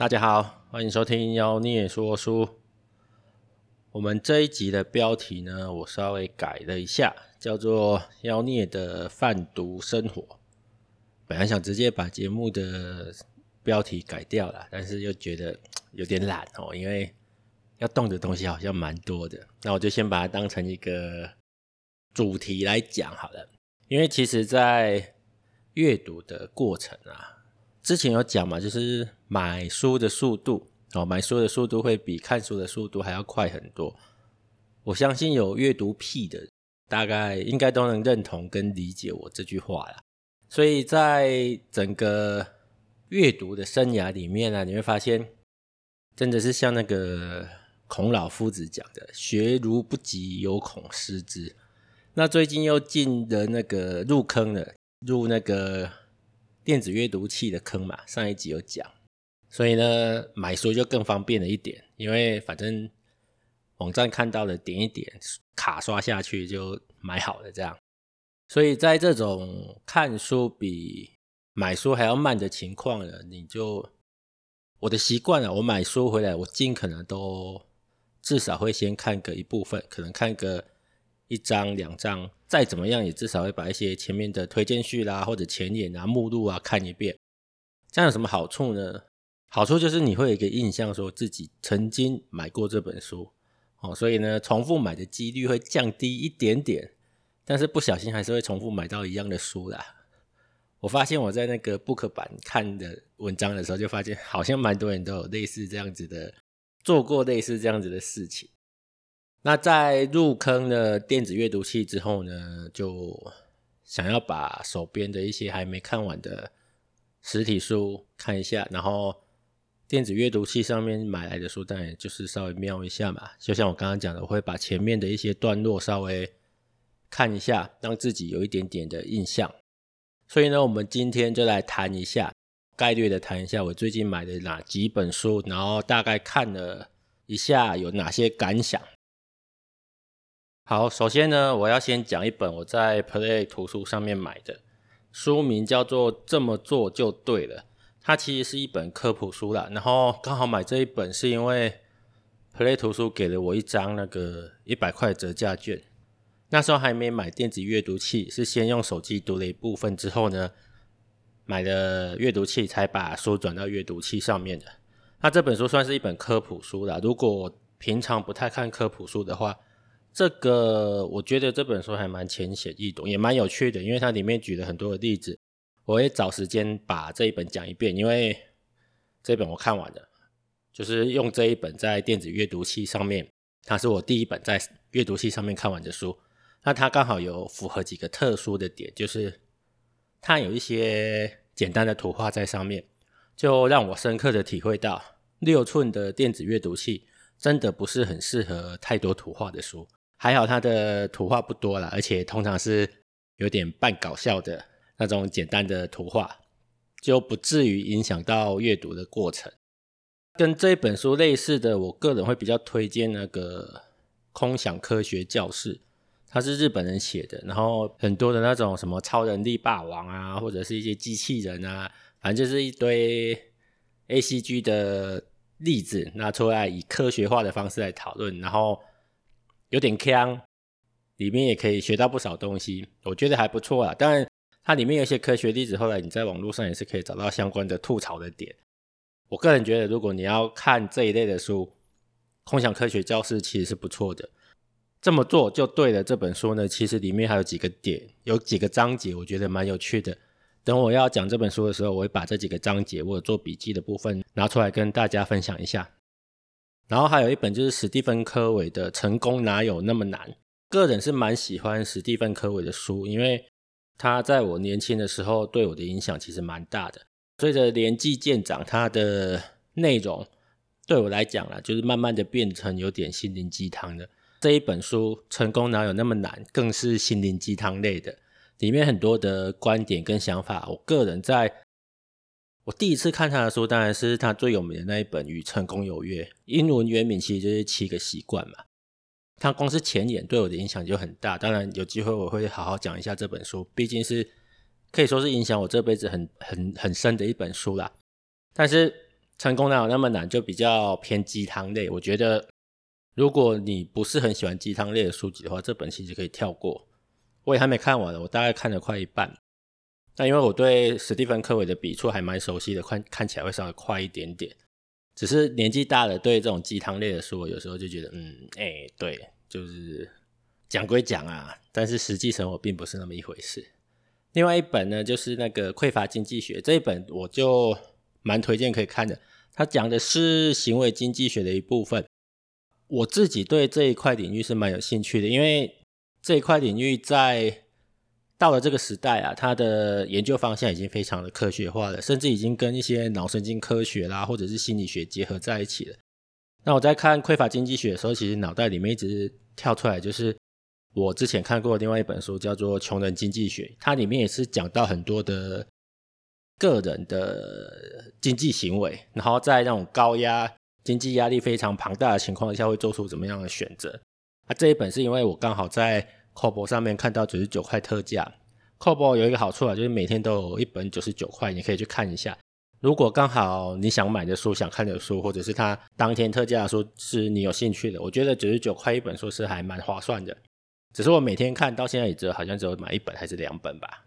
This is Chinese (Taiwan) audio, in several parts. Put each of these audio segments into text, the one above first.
大家好，歡迎收聽妖孽說書。我們這一集的標題呢，我稍微改了一下，叫做《妖孽的泛讀生活》。本來想直接把節目的標題改掉啦，但是又覺得有點懶哦，因為要動的東西好像蠻多的。那我就先把它當成一個主題來講好了，因為其實在閱讀的過程啊。之前有講嘛，就是買書的速度哦，買書的速度會比看書的速度還要快很多。我相信有閱讀癖的，大概應該都能認同跟理解我這句話啦。所以在整個閱讀的生涯裡面啊，你會發現，真的是像那個孔老夫子講的“學如不及，猶恐失之”。那最近又進了那個入坑了，入那個。電子閱讀器的坑嘛，上一集有講，所以呢，買書就更方便了一點，因為反正網站看到了點一點，卡刷下去就買好了這樣。所以在這種看書比買書還要慢的情況了，你就我的習慣了，啊，我買書回來，我儘可能都至少會先看個一部分，可能看個。一張、兩張，再怎麼樣也至少會把一些前面的推薦序啦，或者前言啊、目錄啊看一遍。這樣有什麼好處呢？好處就是你會有一個印象，說自己曾經買過這本書，哦，所以呢，重複買的幾率會降低一點點。但是不小心還是會重複買到一樣的書啦。我發現我在那個 Book 版，看的文章的時候，就發現好像蠻多人都有類似這樣子的，做過類似這樣子的事情。那在入坑了電子閱讀器之後呢，就想要把手邊的一些還沒看完的實體書看一下，然後電子閱讀器上面買來的書當然就是稍微瞄一下嘛。就像我剛剛講的，我會把前面的一些段落稍微看一下，讓自己有一點點的印象。所以呢，我們今天就來談一下，概略的談一下我最近買的哪幾本書，然後大概看了一下有哪些感想。好，首先呢，我要先講一本我在 Play 圖書上面買的，書名叫做《這麼做就對了》。它其實是一本科普書啦，然後剛好買這一本是因為 Play 圖書給了我一張那個一百塊折價券。那時候還沒買電子閱讀器，是先用手機讀了一部分之後呢，買了閱讀器才把書轉到閱讀器上面的。那這本書算是一本科普書啦，如果平常不太看科普書的話。這個我覺得這本書還蠻淺顯易懂，也蠻有趣的，因為它裡面舉了很多的例子。我會找時間把這一本講一遍，因為這本我看完了，就是用這一本在電子閱讀器上面，它是我第一本在閱讀器上面看完的書。那它剛好有符合幾個特殊的點，就是它有一些簡單的圖畫在上面，就讓我深刻的體會到六寸的電子閱讀器真的不是很適合太多圖畫的書。還好他的圖畫不多啦，而且通常是有點半搞笑的那種簡單的圖畫，就不至於影響到閱讀的過程。跟這一本書類似的，我個人會比較推薦那個《空想科學教室》，它是日本人寫的，然後很多的那種什麼超人力霸王啊，或者是一些機器人啊，反正就是一堆 ACG 的例子，拿出來以科學化的方式來討論，然後。有點坑，裡面也可以學到不少東西，我覺得還不錯啦。當然，它裡面有一些科學例子，後來你在網絡上也是可以找到相關的吐槽的點。我個人覺得，如果你要看這一類的書，《空想科學教室》其實是不錯的。這麼做就對了。這本書呢，其實裡面還有幾個點，有幾個章節，我覺得蠻有趣的。等我要講這本書的時候，我會把這幾個章節，我有做筆記的部分拿出來跟大家分享一下。然後還有一本就是史蒂芬·柯維的《成功哪有那麼難》，個人是蠻喜歡史蒂芬·柯維的書，因為他在我年輕的時候對我的影響其實蠻大的。隨着年紀漸長，他的內容對我來講啦，就是慢慢的變成有點心靈雞湯的。這一本書《成功哪有那麼難》更是心靈雞湯類的，裡面很多的觀點跟想法，我個人在。我第一次看他的書，當然是他最有名的那一本《與成功有約》，英文原名其實就是《七個習慣》嘛。他光是前言對我的影響就很大，當然有機會我會好好講一下這本書，畢竟是可以說是影響我這輩子很很很深的一本書啦。但是成功哪有那麼難，就比較偏雞湯類。我覺得如果你不是很喜歡雞湯類的書籍的話，這本其實可以跳過。我也還沒看完呢，我大概看了快一半。那因為我對史蒂芬·柯維的筆觸還蠻熟悉的，看看起來會稍微快一點點。只是年紀大了，對這種雞湯類的書，我有時候就覺得，嗯，哎、欸，對，就是講歸講啊，但是實際生活並不是那麼一回事。另外一本呢，就是那個《匱乏經濟學》，這一本我就蠻推薦可以看的。它講的是行為經濟學的一部分。我自己對這一塊領域是蠻有興趣的，因為這一塊領域在到了這個時代啊，它的研究方向已經非常的科學化了，甚至已經跟一些腦神經科學啦，或者是心理學結合在一起了。那我在看匱乏經濟學的時候，其實腦袋裡面一直跳出來，就是我之前看過的另外一本書，叫做《窮人經濟學》，它裡面也是講到很多的個人的經濟行為，然後在那種高壓、經濟壓力非常龐大的情況下，會做出怎麼樣的選擇。那，啊，這一本是因為我剛好在。Kobo 上面看到九十九塊特價，Kobo 有一個好處啊，就是每天都有一本九十九塊，你可以去看一下。如果剛好你想買的書、想看的書，或者是它當天特價的書是你有興趣的，我覺得九十九塊一本書是還蠻划算的。只是我每天看到現在也只有好像只有買一本還是兩本吧。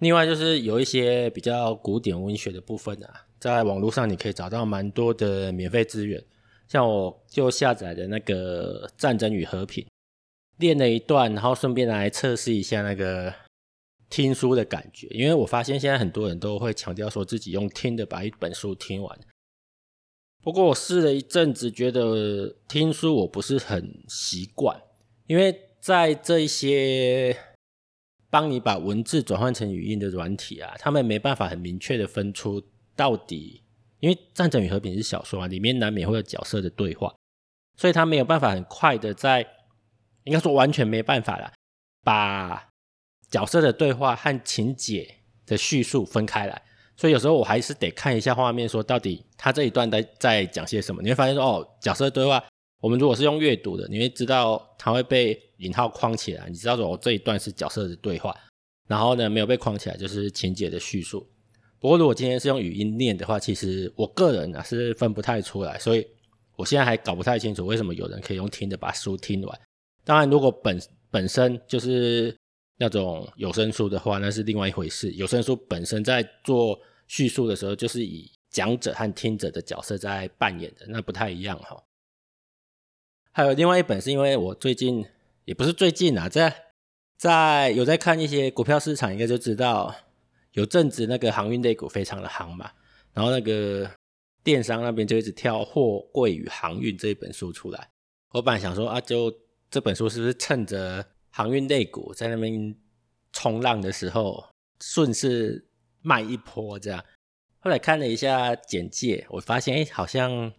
另外就是有一些比較古典文學的部分啊，在網絡上你可以找到蠻多的免費資源，像我就下載的那個《戰爭與和平》。練了一段，然後順便來測試一下那個聽書的感覺，因為我發現現在很多人都會強調說自己用聽的把一本書聽完。不過我試了一陣子，覺得聽書我不是很習慣，因為在這一些幫你把文字轉換成語音的軟體啊，他們沒辦法很明確的分出到底，因為《戰爭與和平》是小說啊，裡面難免會有角色的對話，所以他沒有辦法很快的在。應該說完全沒辦法啦，把角色的對話和情節的敘述分開來，所以有時候我還是得看一下畫面，說到底他這一段在在講些什麼。你會發現說，哦，角色對話，我們如果是用閱讀的，你會知道它會被引號框起來，你知道說我這一段是角色的對話，然後呢沒有被框起來就是情節的敘述。不過如果今天是用語音念的話，其實我個人呢、啊、是分不太出來，所以我現在還搞不太清楚為什麼有人可以用聽的把書聽完。當然，如果本本身就是那種有聲書的話，那是另外一回事。有聲書本身在做敘述的時候，就是以講者和聽者的角色在扮演的，那不太一樣哈。還有另外一本，是因為我最近也不是最近啊，在在有在看一些股票市場，應該就知道有陣子那個航運類股非常的夯嘛，然後那個電商那邊就一直跳貨櫃與航運這一本書出來。我本來想說啊，就這本書是不是趁着航運類股在那邊衝浪的時候順勢賣一波這樣？後來看了一下簡介，我發現哎，好像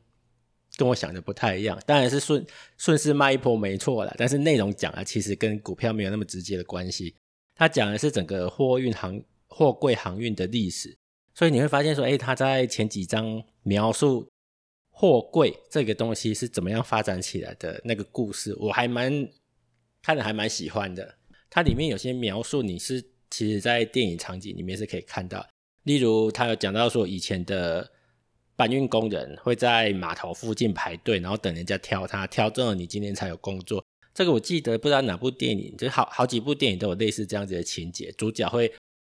跟我想的不太一樣。當然是順順勢賣一波沒錯啦，但是內容講的其實跟股票沒有那麼直接的關係。他講的是整個貨運航貨櫃航運的歷史，所以你會發現說，哎，他在前幾章描述。貨櫃這個東西是怎麼樣發展起來的那個故事，我還蠻看着還蠻喜歡的。它裡面有些描述，你是其實在電影場景裡面是可以看到。例如，他有講到說，以前的搬運工人會在碼頭附近排隊，然後等人家挑他，挑中了你今天才有工作。這個我記得，不知道哪部電影，就好好幾部電影都有類似這樣子的情節。主角會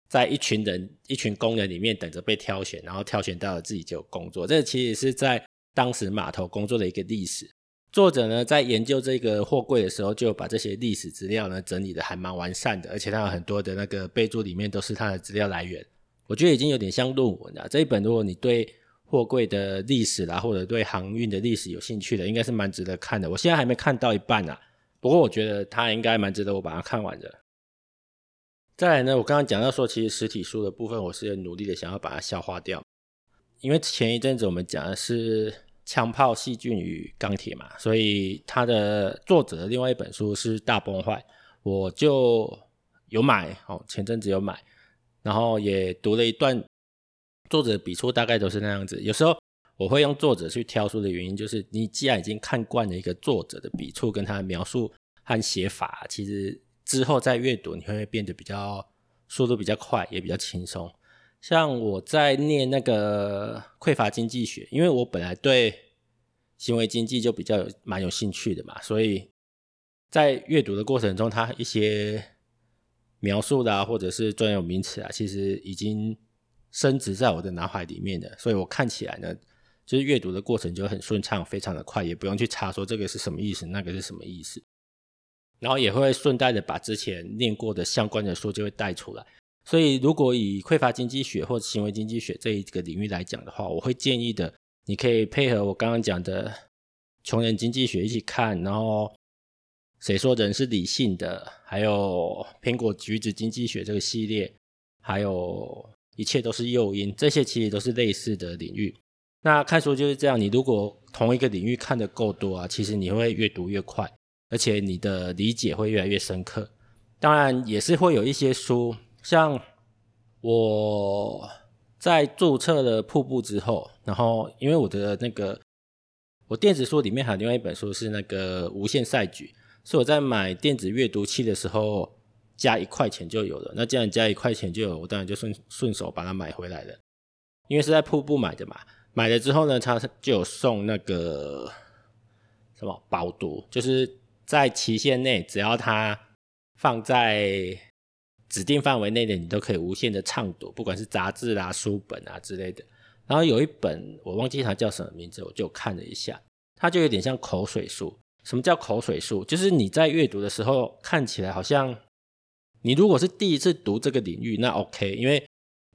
在一群人，一群工人裡面等着被挑選，然後挑選到了自己就有工作。這個其實是在。當時碼頭工作的一個歷史，作者呢在研究這個貨櫃的時候，就把這些歷史資料呢整理的還蠻完善的，而且它有很多的那個備注，裡面都是它的資料來源。我覺得已經有點像論文了。這一本如果你對貨櫃的歷史啦、啊，或者對航運的歷史有興趣的，應該是蠻值得看的。我現在還沒看到一半呢、啊，不過我覺得它應該蠻值得我把它看完的。再來呢，我剛剛講到說，其實實體書的部分，我是有努力的想要把它消化掉。因為前一陣子我們講的是槍炮、細菌與鋼鐵嘛，所以他的作者的另外一本書是《大崩壞》，我就有買哦，前陣子有買，然後也讀了一段。作者筆觸大概都是那樣子。有時候我會用作者去挑書的原因，就是你既然已經看慣了一個作者的筆觸，跟他的描述和寫法，其實之後再閱讀你會變得比較速度比較快，也比較輕鬆。像我在念那個匱乏經濟學，因為我本來對行為經濟就比較有蠻有興趣的嘛，所以在閱讀的過程中，它一些描述的啊，或者是專有名詞啊，其實已經深植在我的腦海裡面了，所以我看起來呢，就是閱讀的過程就很順暢，非常的快，也不用去查說這個是什麼意思，那個是什麼意思，然後也會順帶的把之前念過的相關的書就會帶出來。所以，如果以匱乏經濟學或行為經濟學這一個領域來講的話，我會建議的，你可以配合我剛剛講的窮人經濟學一起看，然後誰說人是理性的，還有蘋果橘子經濟學這個系列，還有一切都是誘因，這些其實都是類似的領域。那看書就是這樣，你如果同一個領域看得夠多啊，其實你會越讀越快，而且你的理解會越來越深刻。當然，也是會有一些書。像我在註冊了瀑布之後，然後因為我的那個，我電子書裡面還有另外一本書是那個《無限賽局》，是我在買電子閱讀器的時候加一塊錢就有了。那既然加一塊錢就有，我當然就順順手把它買回來了。因為是在瀑布買的嘛，買了之後呢，它就有送那個什麼包讀，就是在期限內只要它放在。指定範圍內的你都可以無限的暢讀，不管是雜誌啦、啊、書本啊之類的。然後有一本我忘記它叫什麼名字，我就看了一下，它就有點像口水書。什麼叫口水書？就是你在閱讀的時候看起來好像，你如果是第一次讀這個領域，那 OK，因為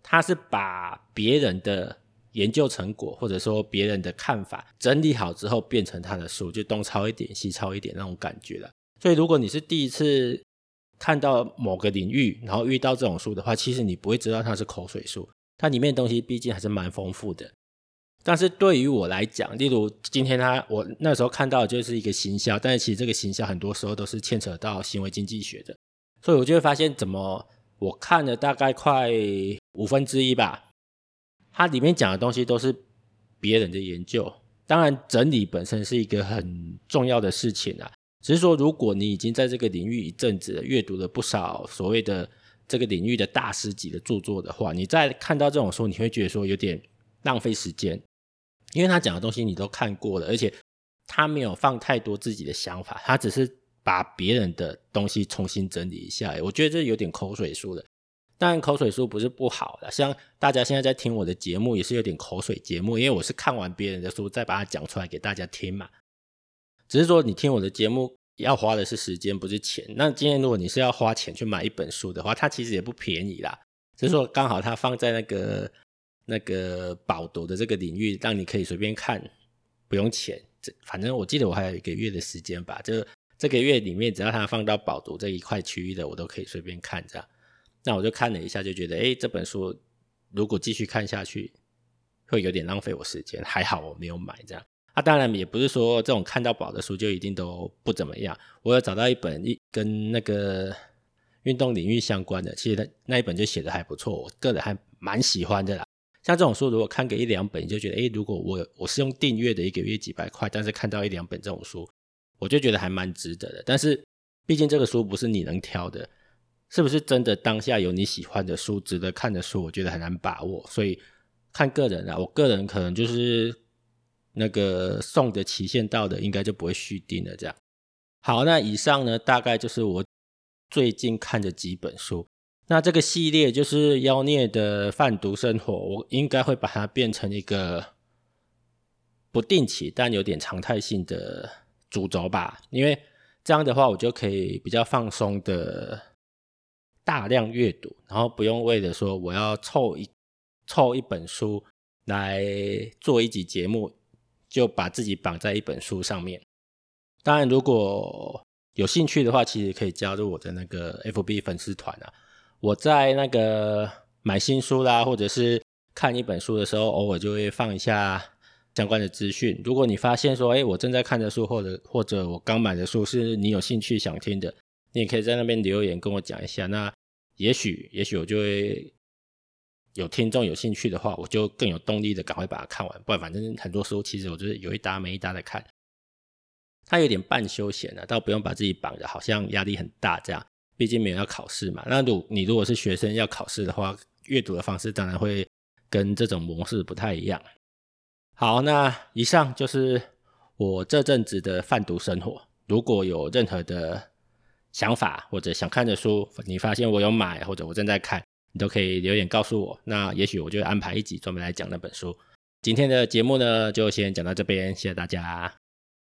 它是把別人的研究成果或者說別人的看法整理好之後變成它的書，就東抄一點西抄一點那種感覺了。所以如果你是第一次，看到某個領域，然後遇到這種書的話，其實你不會知道它是口水書，它裡面的東西畢竟還是蠻豐富的。但是對於我來講，例如今天它我那時候看到的就是一個行銷，但是其實這個行銷很多時候都是牽扯到行為經濟學的，所以我就會發現，怎麼我看了大概快五分之一吧，它裡面講的東西都是別人的研究，當然整理本身是一個很重要的事情啊。只是說，如果你已經在這個領域一陣子了，閱讀了不少所謂的這個領域的大師級的著作的話，你再看到這種書，你會覺得說有點浪費時間，因為他講的東西你都看過了，而且他沒有放太多自己的想法，他只是把別人的東西重新整理一下。我覺得這有點口水書了。當然，口水書不是不好的，像大家現在在聽我的節目也是有點口水節目，因為我是看完別人的書再把它講出來給大家聽嘛。只是說，你聽我的節目。要花的是時間，不是錢。那今天如果你是要花錢去買一本書的話，它其實也不便宜啦。就是說，剛好它放在那個那個飽讀的這個領域，讓你可以隨便看，不用錢。這反正我記得我還有一個月的時間吧，就這個月裡面，只要它放到飽讀這一塊區域的，我都可以隨便看。這樣，那我就看了一下，就覺得，誒、欸、這本書如果繼續看下去，會有點浪費我時間。還好我沒有買這樣。啊，當然也不是說這種看到寶的書就一定都不怎麼樣。我有找到一本一跟那個運動領域相關的，其實那一本就寫得還不錯，我個人還蠻喜歡的啦。像這種書，如果看個一兩本，你就覺得，哎，如果我我是用訂閱的，一個月幾百塊，但是看到一兩本這種書，我就覺得還蠻值得的。但是畢竟這個書不是你能挑的，是不是真的當下有你喜歡的書、值得看的書，我覺得很難把握，所以看個人啦。我個人可能就是。那個送的期限到的，應該就不會續訂了。這樣，好，那以上呢，大概就是我最近看的幾本書。那這個系列就是《妖孽的泛讀生活》，我應該會把它變成一個不定期但有點常態性的主軸吧，因為這樣的話，我就可以比較放鬆的大量閱讀，然後不用為了說我要湊一湊一本書來做一集節目。就把自己綁在一本書上面。當然，如果有興趣的話，其實可以加入我的那個 FB 粉絲團啊。我在那個買新書啦，或者是看一本書的時候，偶爾就會放一下相關的資訊。如果你發現說，哎，我正在看的書，或者或者我剛買的書是你有興趣想聽的，你也可以在那邊留言跟我講一下。那也許，也許我就會。有聽眾有興趣的話，我就更有動力的趕快把它看完。不然，反正很多書其實我就是有一搭沒一搭的看。它有點半休閒的，啊，倒不用把自己綁着，好像壓力很大這樣。畢竟沒有要考試嘛。那如你如果是學生要考試的話，閱讀的方式當然會跟這種模式不太一樣。好，那以上就是我這陣子的泛讀生活。如果有任何的想法或者想看的書，你發現我有買或者我正在看。你都可以留言告訴我，那也許我就安排一集專門來講那本書。今天的節目呢，就先講到這邊，謝謝大家。